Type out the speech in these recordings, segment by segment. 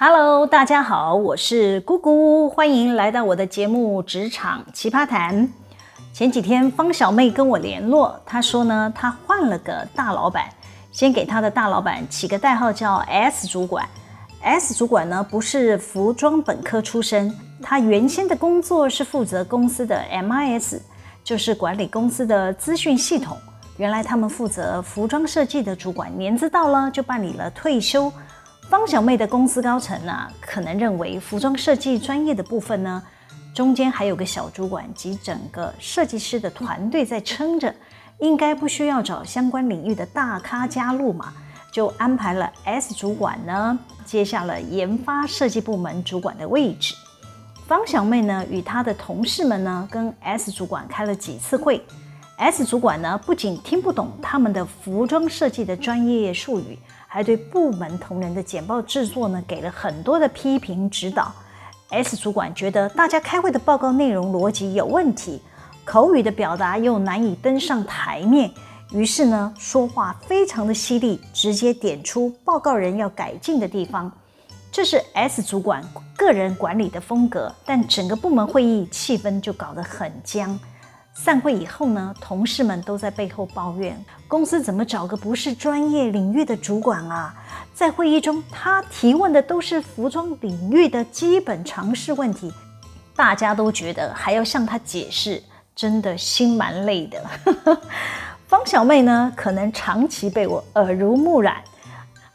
Hello，大家好，我是姑姑，歡迎來到我的節目《職場奇葩談》。前幾天方小妹跟我聯絡，她說呢，她換了個大老板，先給她的大老板起個代號叫 S 主管。S 主管呢，不是服裝本科出身，他原先的工作是負責公司的 MIS，就是管理公司的資訊系統。原來他們負責服裝設計的主管，年紀到了就辦理了退休。方小妹的公司高層呢，可能認為服裝設計專業的部分呢，中間還有個小主管及整個設計師的團隊在撐着，應該不需要找相關領域的大咖加入嘛，就安排了 S 主管呢接下了研發設計部門主管的位置。方小妹呢，與她的同事們呢，跟 S 主管開了幾次會，S 主管呢，不僅聽不懂他們的服裝設計的專業術語，還對部門同仁的簡報製作呢，給了很多的批評指導。S 主管覺得大家開會的報告內容邏輯有問題，口語的表達又難以登上台面，於是呢，說話非常的犀利，直接點出報告人要改進的地方。這是 S 主管個人管理的風格，但整個部門會議氣氛就搞得很僵。散會以後呢，同事們都在背後抱怨，公司怎麼找個不是專業領域的主管啊？在會議中，他提問的都是服裝領域的基本常識問題，大家都覺得還要向他解釋，真的心蠻累的。 方小妹呢，可能長期被我耳濡目染，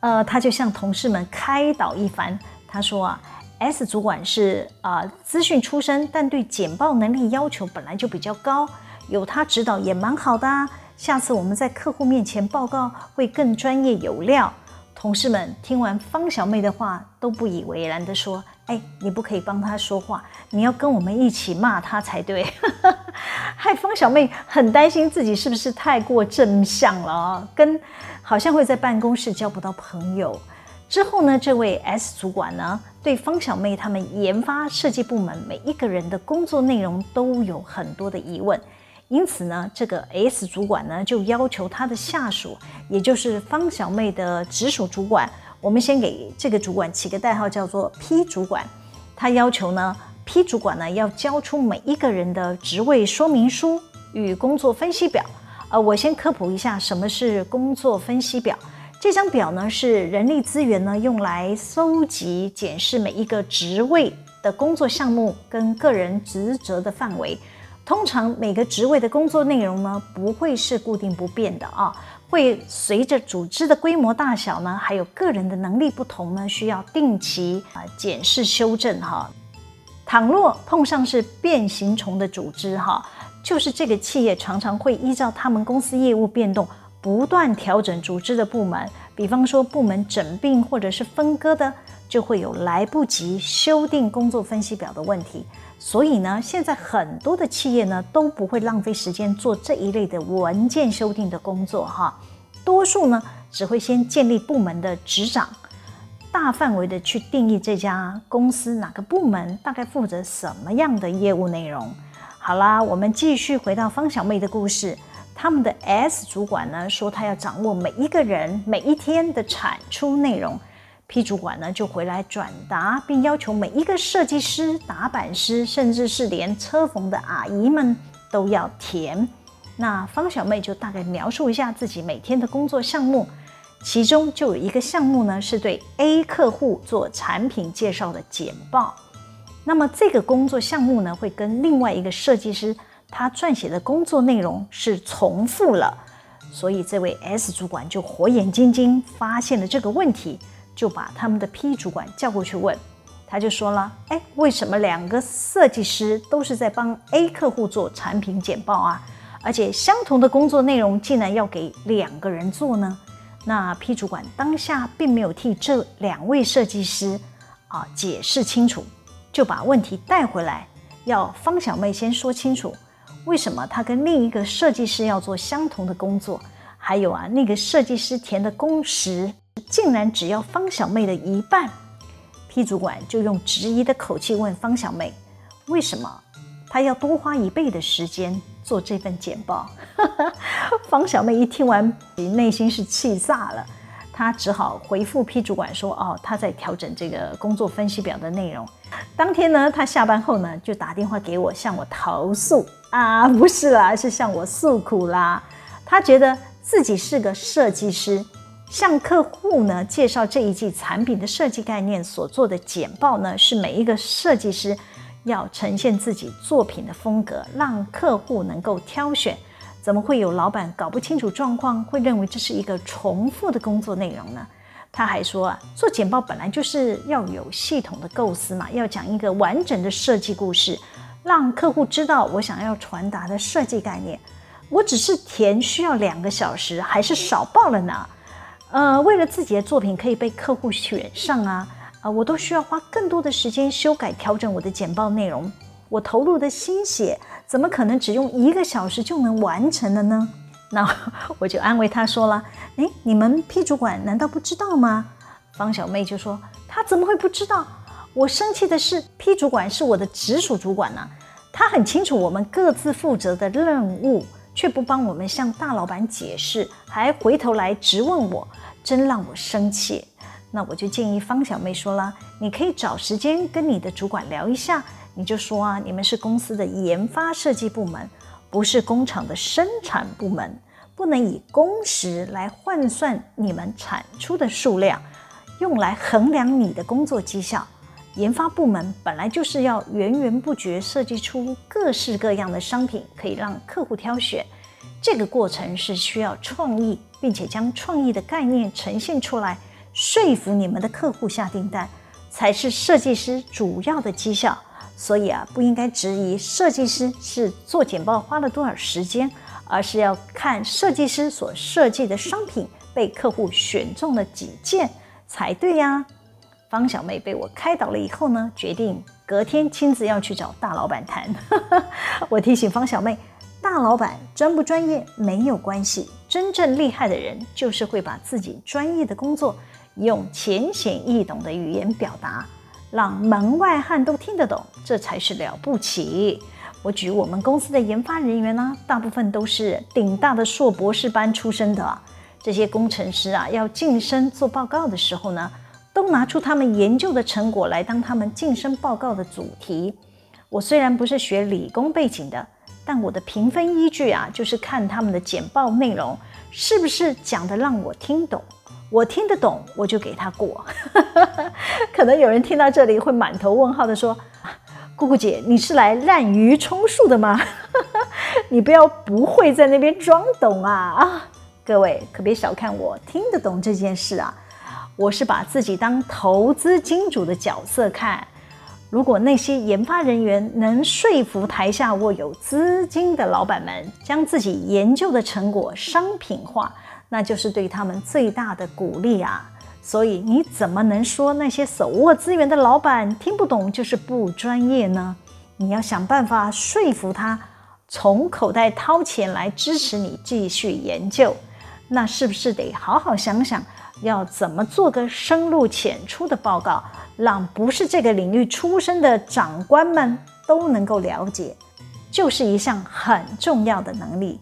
呃，她就向同事們開導一番，她說啊。S 主管是啊、呃，資訊出身，但對簡報能力要求本來就比較高，有他指導也蠻好的、啊。下次我們在客戶面前報告會更專業有料。同事們聽完方小妹的話，都不以為然地說：“哎，你不可以幫他說話，你要跟我們一起罵他才對。 ”害方小妹很擔心自己是不是太過正向了，跟好像會在辦公室交不到朋友。之後呢，這位 S 主管呢，對方小妹他們研發設計部門每一個人的工作內容都有很多的疑問，因此呢，這個 S 主管呢就要求他的下屬，也就是方小妹的直屬主管，我們先給這個主管起個代號，叫做 P 主管。他要求呢，P 主管呢要交出每一個人的職位說明書與工作分析表。呃，我先科普一下，什麼是工作分析表。這張表呢是人力資源呢用來搜集、檢視每一個職位的工作項目跟個人職責的範圍。通常每個職位的工作內容呢不會是固定不變的啊，會隨着組織的規模大小呢，還有個人的能力不同呢，需要定期啊檢視修正哈、啊。倘若碰上是變形蟲的組織哈、啊，就是這個企業常常會依照他們公司業務變動。不斷調整組織的部門，比方說部門整併或者是分割的，就會有來不及修訂工作分析表的問題。所以呢，現在很多的企業呢都不會浪費時間做這一類的文件修訂的工作哈。多數呢只會先建立部門的職掌，大範圍的去定義這家公司哪個部門大概負責什麼樣的業務內容。好啦，我們繼續回到方小妹的故事。他們的 S 主管呢說他要掌握每一個人每一天的產出內容，P 主管呢就回來轉達，並要求每一個設計師、打板師，甚至是連車縫的阿姨們都要填。那方小妹就大概描述一下自己每天的工作項目，其中就有一個項目呢是對 A 客戶做產品介紹的簡報。那麼這個工作項目呢會跟另外一個設計師。他撰寫的工作內容是重複了，所以這位 S 主管就火眼金睛發現了這個問題，就把他們的 P 主管叫過去問，他就說了：“哎，為什麼兩個設計師都是在幫 A 客戶做產品簡報啊？而且相同的工作內容竟然要給兩個人做呢？”那 P 主管當下並沒有替這兩位設計師啊解釋清楚，就把問題帶回來，要方小妹先說清楚。為什麼他跟另一個設計師要做相同的工作？還有啊，那個設計師填的工時竟然只要方小妹的一半，批主管就用質疑的口氣問方小妹：“為什麼他要多花一倍的時間做這份簡報？” 方小妹一聽完，內心是氣炸了。他只好回復 P 主管說：“哦，他在調整這個工作分析表的內容。”當天呢，他下班後呢就打電話給我，向我投訴。啊，不是啦，是向我訴苦啦。他覺得自己是個設計師，向客戶呢介紹這一季產品的設計概念所做的簡報呢，是每一個設計師要呈現自己作品的風格，讓客戶能夠挑選。怎麼會有老板搞不清楚狀況，會認為這是一個重複的工作內容呢？他還說啊，做簡報本來就是要有系統的構思嘛，要講一個完整的設計故事，讓客戶知道我想要傳達的設計概念。我只是填需要兩個小時，還是少報了呢？呃，為了自己的作品可以被客戶選上啊，啊、呃，我都需要花更多的時間修改調整我的簡報內容。我投入的心血，怎麼可能只用一個小時就能完成了呢？那我就安慰他說了：“誒，你們 P 主管難道不知道嗎？”方小妹就說：“他怎麼會不知道？我生氣的是 P 主管是我的直屬主管呢，啊，他很清楚我們各自負責的任務，卻不幫我們向大老板解釋，還回頭來質問我，真讓我生氣。”那我就建議方小妹說了：“你可以找時間跟你的主管聊一下。”你就說啊，你們是公司的研發設計部門，不是工廠的生產部門，不能以工時來換算你們產出的數量，用來衡量你的工作績效。研發部門本來就是要源源不絕設計出各式各樣的商品，可以讓客戶挑選。這個過程是需要創意，並且將創意的概念呈現出來，說服你們的客戶下訂單，才是設計師主要的績效。所以啊，不應該質疑設計師是做簡報花了多少時間，而是要看設計師所設計的商品被客戶選中了幾件才對呀，啊。方小妹被我開導了以後呢，決定隔天親自要去找大老板談。 我提醒方小妹，大老板專不專業沒有關係，真正厲害的人就是會把自己專業的工作用淺顯易懂的語言表達。讓門外漢都聽得懂，這才是了不起。我舉我們公司的研發人員呢，大部分都是頂大的碩博士班出身的啊。這些工程師啊，要晉升做報告的時候呢，都拿出他們研究的成果來當他們晉升報告的主題。我雖然不是學理工背景的，但我的評分依據啊，就是看他們的簡報內容是不是講得讓我聽懂。我聽得懂，我就給他過。 可能有人聽到這裡會滿頭問號的說：“啊、姑姑姐，你是來濫竽充數的嗎？ 你不要不會在那邊裝懂啊啊！各位可別小看我聽得懂這件事啊！我是把自己當投資金主的角色看。如果那些研發人員能說服台下握有資金的老板們，將自己研究的成果商品化。”那就是對他們最大的鼓勵啊！所以你怎麼能說那些手握資源的老闆聽不懂就是不專業呢？你要想辦法說服他從口袋掏錢來支持你繼續研究。那是不是得好好想想，要怎麼做個深入淺出的報告，讓不是這個領域出身的長官們都能夠了解？就是一項很重要的能力。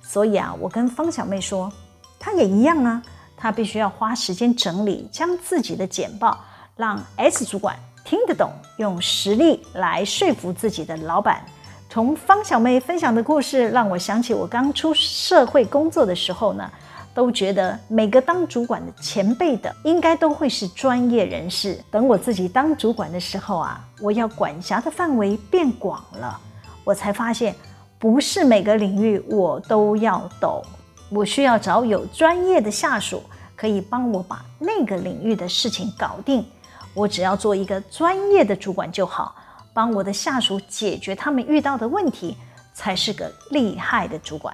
所以啊，我跟方小妹說。他也一樣啊，他必須要花時間整理，將自己的簡報讓 S 主管聽得懂，用實力來說服自己的老板。從方小妹分享的故事，讓我想起我剛出社會工作的時候呢，都覺得每個當主管的前輩的應該都會是專業人士。等我自己當主管的時候啊，我要管轄的範圍變廣了，我才發現不是每個領域我都要懂。我需要找有專業的下屬，可以幫我把那個領域的事情搞定。我只要做一個專業的主管就好，幫我的下屬解決他們遇到的問題，才是個厲害的主管。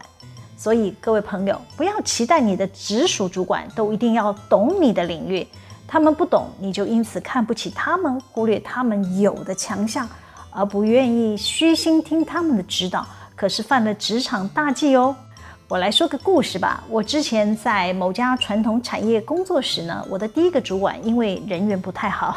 所以各位朋友，不要期待你的直屬主管都一定要懂你的領域，他們不懂，你就因此看不起他們，忽略他們有的強項，而不願意虛心聽他們的指導，可是犯了職場大忌哦。我來說個故事吧。我之前在某家傳統產業工作時呢，我的第一個主管因為人緣不太好，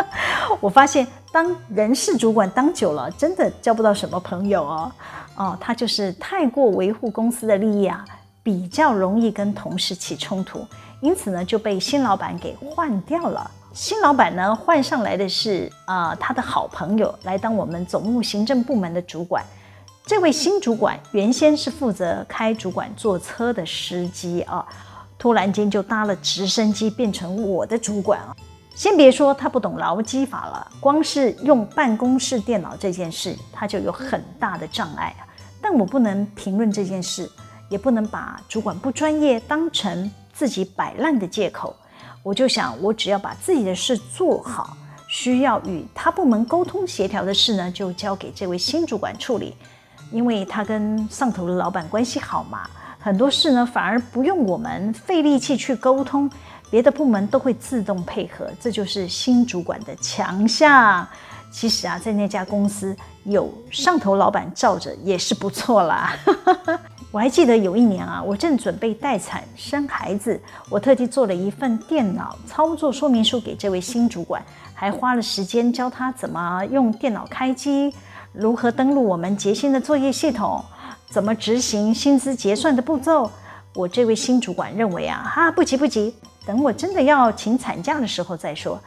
我發現當人事主管當久了，真的交不到什麼朋友哦。哦，他就是太過維護公司的利益啊，比較容易跟同事起衝突，因此呢就被新老闆給換掉了。新老闆呢換上來的是啊、呃、他的好朋友來當我們總務行政部門的主管。這位新主管原先是負責開主管坐車的司機啊，突然間就搭了直升機變成我的主管啊！先別說他不懂勞基法了，光是用辦公室電腦這件事，他就有很大的障礙。但我不能評論這件事，也不能把主管不專業當成自己擺爛的借口。我就想，我只要把自己的事做好，需要與他部門溝通協調的事呢，就交給這位新主管處理。因為他跟上頭的老闆關係好嘛，很多事呢反而不用我們費力氣去溝通，別的部門都會自動配合，這就是新主管的強項。其實啊，在那家公司有上頭老闆罩着也是不錯啦。 我還記得有一年啊，我正準備待產、生孩子，我特地做了一份電腦操作說明書給這位新主管，還花了時間教他怎麼用電腦開機。如何登錄我們結薪的作業系統？怎麼執行薪資結算的步驟？我這位新主管認為啊哈、啊，不急不急，等我真的要請產假的時候再說。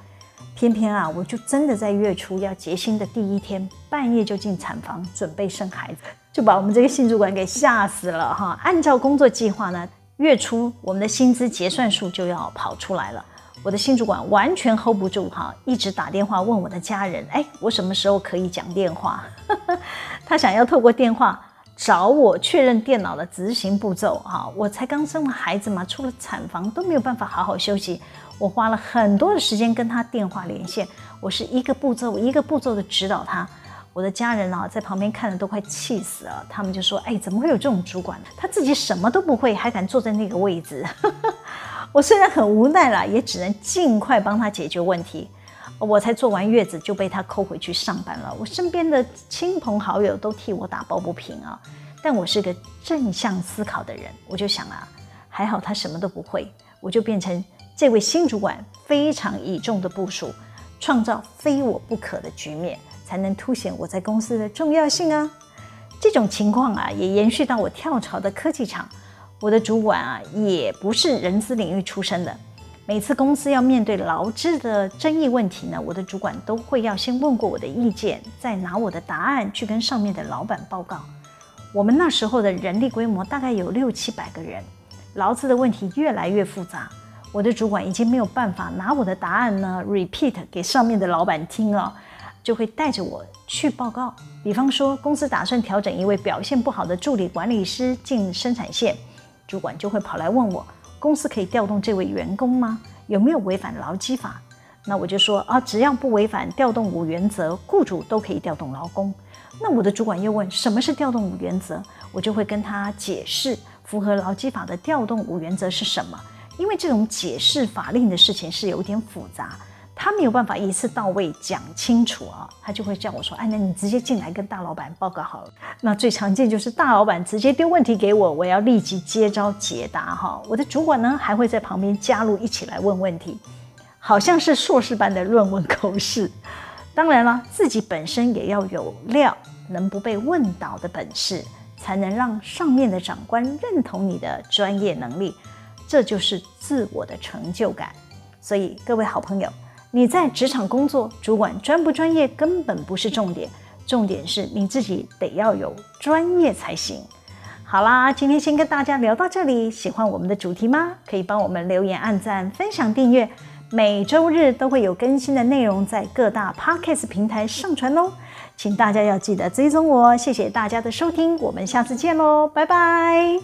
偏偏啊，我就真的在月初要結薪的第一天，半夜就進產房準備生孩子，就把我們這個新主管給嚇死了哈、啊。按照工作計劃呢，月初我們的薪資結算數就要跑出來了，我的新主管完全 hold 不住哈，一直打電話問我的家人，哎，我什麼時候可以講電話？ 他想要透過電話找我確認電腦的執行步驟啊！我才剛生完孩子嘛，出了產房都沒有辦法好好休息。我花了很多的時間跟他電話連線，我是一個步驟一個步驟的指導他。我的家人啊在旁邊看着都快氣死了，他們就說：“哎，怎麼會有這種主管？他自己什麼都不會，還敢坐在那個位置 ？”我雖然很無奈了，也只能盡快幫他解決問題。我才坐完月子就被他扣回去上班了，我身邊的親朋好友都替我打抱不平啊，但我是個正向思考的人，我就想啊，還好他什麼都不會，我就變成這位新主管非常倚重的部屬，創造非我不可的局面，才能凸顯我在公司的重要性啊。這種情況啊，也延續到我跳槽的科技廠，我的主管啊，也不是人資領域出身的。每次公司要面對勞資的爭議問題呢，我的主管都會要先問過我的意見，再拿我的答案去跟上面的老闆報告。我們那時候的人力規模大概有六七百個人，勞資的問題越來越複雜，我的主管已經沒有辦法拿我的答案呢 repeat 給上面的老闆聽了，就會帶着我去報告。比方說，公司打算調整一位表現不好的助理管理師進生產線，主管就會跑來問我。公司可以調動這位員工嗎？有沒有違反勞基法？那我就說啊，只要不違反調動五原則，雇主都可以調動勞工。那我的主管又問，什麼是調動五原則？我就會跟他解釋，符合勞基法的調動五原則是什麼。因為這種解釋法令的事情是有點複雜。他沒有辦法一次到位講清楚啊、哦，他就會叫我說：“哎，那你直接進來跟大老闆報告好了。”那最常見就是大老闆直接丟問題給我，我要立即接招解答哈、哦。我的主管呢還會在旁邊加入一起來問問題，好像是碩士班的論文口試。當然了，自己本身也要有料，能不被問倒的本事，才能讓上面的長官認同你的專業能力，這就是自我的成就感。所以，各位好朋友。你在職場工作，主管專不專業根本不是重點，重點是你自己得要有專業才行。好啦，今天先跟大家聊到這裡。喜歡我們的主題嗎？可以幫我們留言、按讚、分享、訂閱。每周日都會有更新的內容在各大 Podcast 平台上傳哦，請大家要記得追蹤我。謝謝大家的收聽，我們下次見嘍，拜拜。